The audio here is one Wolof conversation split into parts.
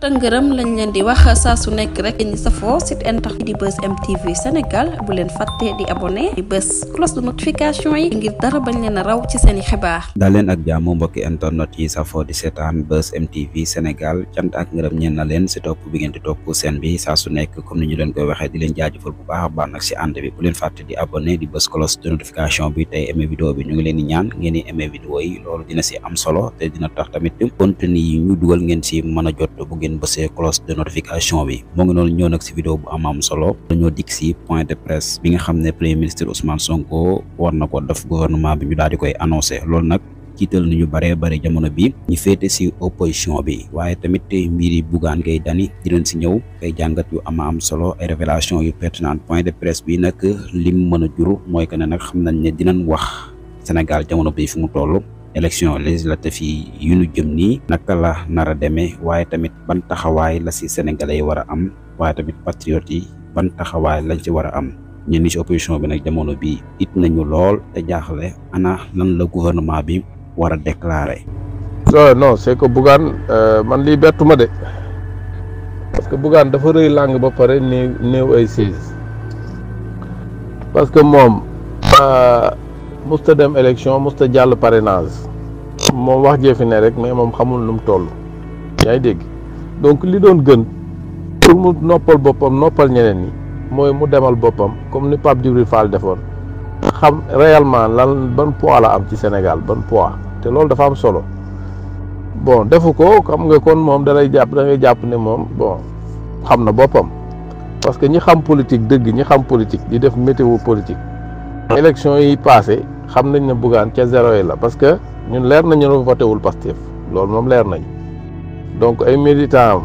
tëngërëm lañ leen di wax sa su nek rek ñi fo site internet di buzz mtv Senegal bu leen fatte di abonné di buzz cloche de notification yi ngir dara bañ leen raw ci seen xibaar da leen ak jaamu mbokk internet yi fo di setan buzz mtv Senegal cant ak nalen ñen na leen ci top bi ngeen di topp seen bi sa su nek comme ñu leen koy waxe di leen jaajëfal bu baax ba nak ci si bi bu leen fatte di abonné di buzz cloche de notification bi tay aimé vidéo bi ñu ngi leen di ñaan ngeen di aimé vidéo yi lolu dina ci am solo te dina tax tamit contenu yi ñu duggal ngeen si mëna jot bu ngeen ngeen bësee cloche de notification bi moo ngi noonu ñëw nag si vidéo bu am am solo dañoo dikk si point de presse bi nga xam ne premier ministre Ousmane Sonko war na ko def gouvernement bi ñu daal di koy annoncé loolu nag jiital ñu bare bare jamono bi ñu féete si opposition bi waaye tamit mbiri Bougane Gueye Dany dinañ si ñëw ay jàngat yu ama am solo ay révélation yu pertinente point de presse bi nag lim mën a jur mooy que ne nag xam nañ ne dinañ wax Sénégal jamono bi fi mu toll élection législative yi yu ñu jëm nii naka la nar a demee waaye tamit ban taxawaay la si sénégalais yi war a am waaye tamit patriotes yi ban taxawaay lañ ci war a am ñenn ci opposition bi nag jamono bii it nañu lool te jaaxle ana lan la gouvernement bi war a déclarer. non c'est que euh, man lii bettu ma de parce que Bougane dafa rëy làng ba pare néew ay siis parce que moom. Euh, musta dem élection musta jàll parrainage moom wax jee fi ne rek mais moom xamul nu mu toll yaa ngi dégg donc li doon gën pour mu noppal boppam noppal ñeneen ñi mooy mu demal boppam comme ni Pape Djibril Fall defoon xam réellement lan ban poids la am ci Sénégal ban poids te loolu dafa am solo bon defu ko xam nga kon moom da jàpp da jàpp ne moom bon xam na boppam parce que ñi xam politique dëgg ñi xam politique di def météo politique. élection yi passé xam nañ ne Bougane ca zéro yi la parce que ñun leer nañu ñu voté wul Pastef loolu moom leer nañ donc ay militants am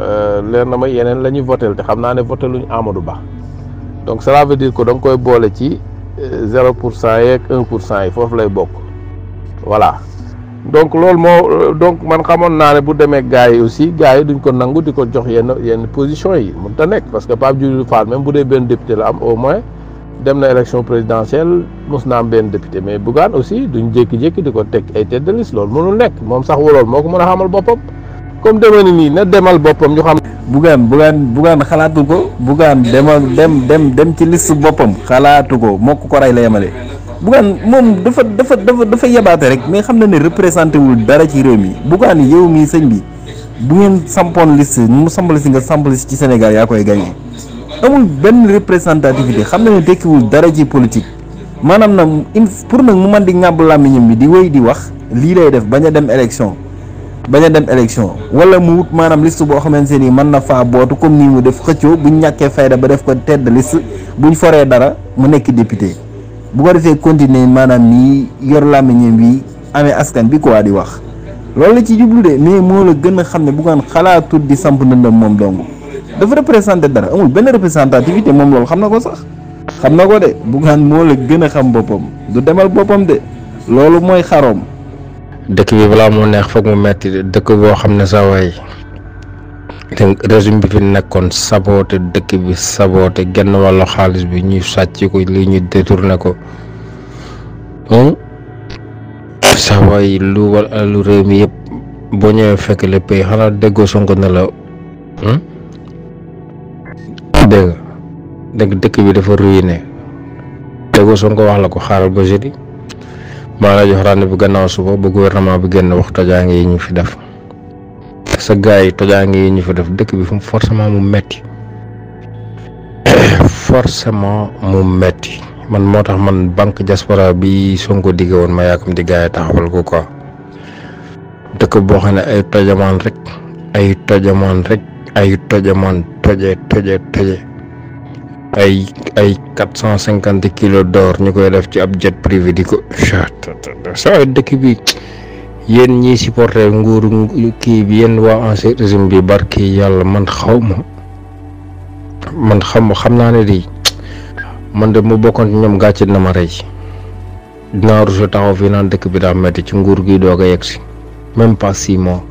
euh, leer na ma yeneen la ñuy voté te xam naa ne voté luñ Amadou Ba donc cela veut dire que da nga koy boole ci euh, zéro pour cent yeeg un pour cent yi foofu lay bokk voilà donc loolu moo donc man xamoon naa ne bu demee gars yi aussi gars yi duñ ko nangu di ko jox yenn yenn position yi mun ta nekk parce que Pape Djibril Fall même bu dee benn député la am au moins. dem na élection présidentielle mos na am benn député mais Bougane aussi duñ jékki-jékki di ko teg ay tête de loolu mënul nekk moom sax walool moo ko mën a xamal boppam comme demee ni nii na demal boppam ñu xam. Bougane Bougane Bougane xalaatu ko Bougane demal dem dem dem ci liste boppam xalaatu ko moo ko ko ray la yemale. Bougane moom dafa dafa dafa dafa yebaate rek mais xam na ne représenté wul dara ci réew mi Bougane yow mii sëñ bi bu ngeen sampoon liste mu samp nga samp liste ci Sénégal koy gagné. amul benn représentativité xam na ne tekkiwul dara ci politique maanaam na pour nag mu man di ŋàbb làmmiñam bi di wéy di wax lii lay def bañ a dem élection bañ a dem élection wala mu wut maanaam liste boo xamante ni mën na faa bootu comme nii mu def xëccoo buñ ñàkkee fayda ba def ko tête de liste buñ foree dara mu nekk député bu ko defee continuer maanaam nii yor làmmiñam bi amee askan bi quoi di wax loolu la ci jublu de mais moo la gën a xam ne bu gaan xalaatul di samp ndëndam moom dong dafa représenté dara amul benn représentativité moom loolu xam na ko sax xam na ko de Bougane moo la gën a xam boppam du demal boppam de loolu mooy xaroom dëkk bi balaa mu neex foog mu metti dëkk boo xam ne sa waay régime bi fi nekkoon saboote dëkk bi saboote genn wàllu xaalis bi ñuy sàcc lii ñuy détourné ko hmm? sa waay lu wal lu réew mi yëpp boo ñëwee fekk lépp pays xanaa déggoo Sonko ne la hmm? dégg dëgg dëkk bi dafa ruiné son ko wax la ko xaaral ba jeudi ma la jox rendez-vous gannaaw suba bu gouvernement bi genn wax tojaange yi ñu fi def sa gaay yi tojaange yi ñu fi def dëkk bi fu forcément mu metti forcément mu metti man motax man banque diaspora bi songo digé won ma yakum di gaay taxawal ko ko dëkk bo xane ay tojamaan rek ay tojamaan rek ay tojamaan toje toje toje ay ay 450 kilo d'or ñukoy ya def ci ab jet privé di ko saa dëkk bi yéen ñi supporté nguuru kii bi yéen waa ancien régime bi barki yàlla man xaw man xam xam ne di man de mu bokkoon ñoom gàcce na ma rey bi metti ci nguur gi même pas mois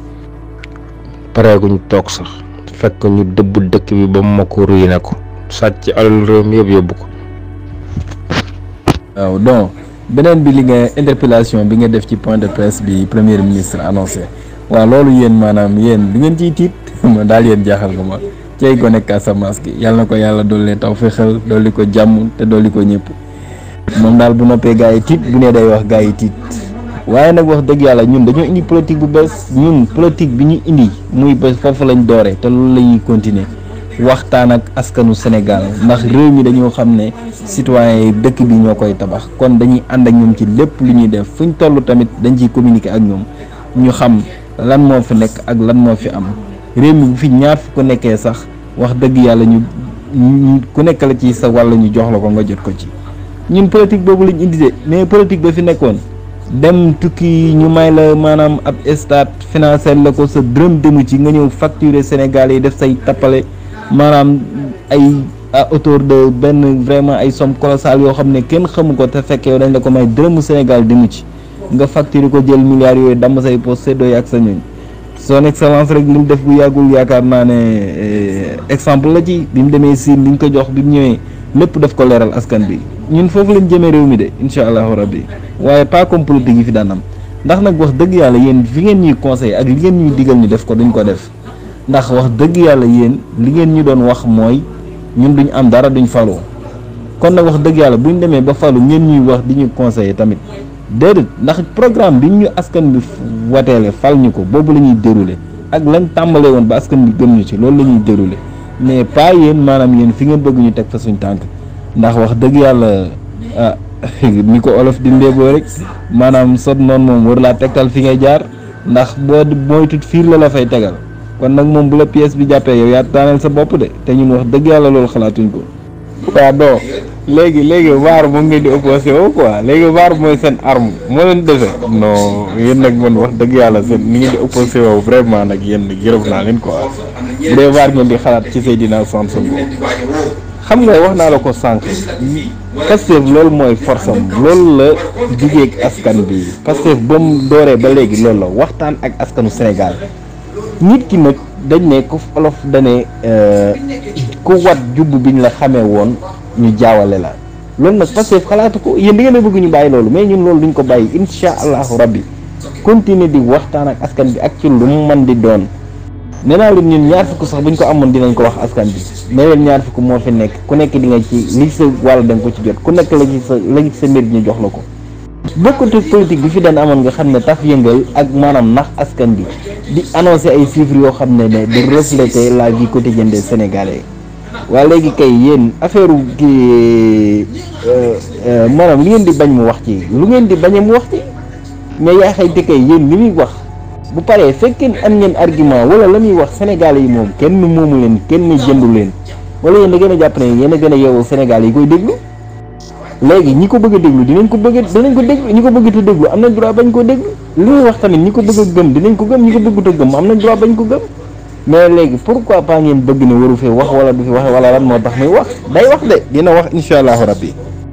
sax fekk ñu bi ba ko sàcc alal réew mi yobuko aw ko. benen bi li nga interpellation bi nga def ci point de presse bi premier ministre annoncé wa lolou yeen manam yeen du ngeen ci tit ma dal yeen jaxal ko ma cey gone Casamance gi yàlla yalla ko yàlla dolli taw fexeel dolli ko jàmm te dolli ko ñëpp moom daal bu noppé gaay tit bu né day wax gaay tit waye nak wax deug yalla ñun dañu indi politique bu bees ñun politique bi ñu indi muy bees fofu lañ doré te lolou la continuer waxtaan ak askanu Sénégal ndax réew mi dañoo xam ne citoyens dëkk bi ñoo koy tabax kon dañuy ànd ak ñoom ci lépp lu ñuy def fu ñu toll tamit dañ ciy communiquer ak ñoom ñu xam lan moo fi nekk ak lan moo fi am réew mi bu fi ñaar fu ko nekkee sax wax dëgg yàlla ñu ku nekk la ci sa wàll ñu jox la ko nga jot ko ci. ñun politique boobu lañ indi de mais politique ba fi nekkoon dem tukki ñu may la maanaam ab état financier la ko sa dërëm demu ci nga ñëw facturer Sénégal yi def say tappale. maanaam ay à ah, hauteur de benn vraiment ay somme colossale yoo xam ne kenn xamu ko te fekk yow dañ la ko may dërëmu Sénégal di mu ci nga facture ko jël milliards yooyu damm say poste séddoo ak sa ñooñ son excellence rek li mu def bu yàggul yaakaar naa ne eh, exemple la ci bi mu demee siin li ñu ko jox bi mu ñëwee lépp daf ko leeral askan bi ñun foofu lañ jëmee réew mi de incha allahu rabbi waaye pas comme politique yi fi daan am ndax nag wax dëgg yàlla yéen fi ngeen ñuy conseillé ak li ngeen ñuy digal def ko duñ ko def ndax wax dëgg yàlla yéen li ngeen ñu doon wax mooy ñun duñ am dara duñ faloo kon nag wax dëgg yàlla bu ñu demee ba falu ngeen ñuy wax di ñu conseiller tamit déedéet ndax programme bi ñu askan bi wateele fal ñu ko boobu la ñuy déroulé ak lañ tàmbalee woon ba askan bi gëm ñu ci loolu la ñuy déroulé mais pas yeen maanaam yéen fi ngeen bëgg ñu teg fa suñ tànk ndax wax dëgg yàlla ah ni ko olof di ndéeboo rek maanaam sot noonu moom war laa tegtal fi ngay jaar ndax boo moytut fiir la la fay tegal kon nag moom bu la pièce bi jàppee yow yaa daaneel sa bopp de te ñun wax dëgg yàlla loolu xalaatuñ ko. waaw doo léegi léegi vaar moom ngeen di opposé woo quoi léegi vaar mooy seen arme moo leen dese. non yéen nag man wax dëgg yàlla seen ni ngeen di opposé woo vraiment nag yéen yërëm naa leen quoi bu dee vaar ngeen di xalaat ci Seydina Sonko xam nga wax naa la ko sànq Pastef loolu mooy force am loolu la jugee ak askan bi Pastef ba mu dooree ba léegi loolu la waxtaan ak askanu Sénégal. nit ki nag dañ ne ku olof dane euh, ku wat bi ñu la xamee woon ñu jaawale la loolu nag Pastef xalaatu ko yéen da ngeen a bëgg ñu bàyyi loolu mais ñun loolu duñ ko bàyyi insha allahu rabbi continuer di waxtaan ak askan bi ak ci lu mu mën di doon nee naa leen ñun ñaar fukk sax buñ ko amoon dinañ ko wax askan bi ne leen ñaar fukk moo fi nekk ku nekk di nga ci li sa wàll da ko ci jot ku nekk la ci sa la ci sa mbir ñu jox la ko bokkatu politique bi fi daan amoon nga xam ne taf yëngal ak maanaam nax askan bi di annoncé ay chiffres yoo xam ne ne di refléter la vie quotidienne des sénégalais waa léegi kay yéen affaire kii euh, euh, maanaam li ngeen di bañ mu wax ci lu ngeen di bañ mu wax ci mais yaa xayti kay yéen li muy wax bu paree fekkee am ngeen argument wala la muy wax sénégalais yi moom kenn moomu leen kenn jëndu leen wala yéen a gën a jàpp ne yéen a gën a yeewu Sénégal yi koy déglu. léegi ñi ko bëgg a déglu dinañ ko bëgg dinañ ko déglu ñi ko bëgg a déglu am na droit bañ ko déglu li muy wax tamit ñi ko bëgg a gëm dinañ ko gëm ñi ko bëggut a gëm am na droit bañ ko gëm mais léegi pourquoi pas ngeen bëgg ne waru fee wax wala du fi wax wala lan moo tax muy wax day wax de dina wax incha allahu rabbi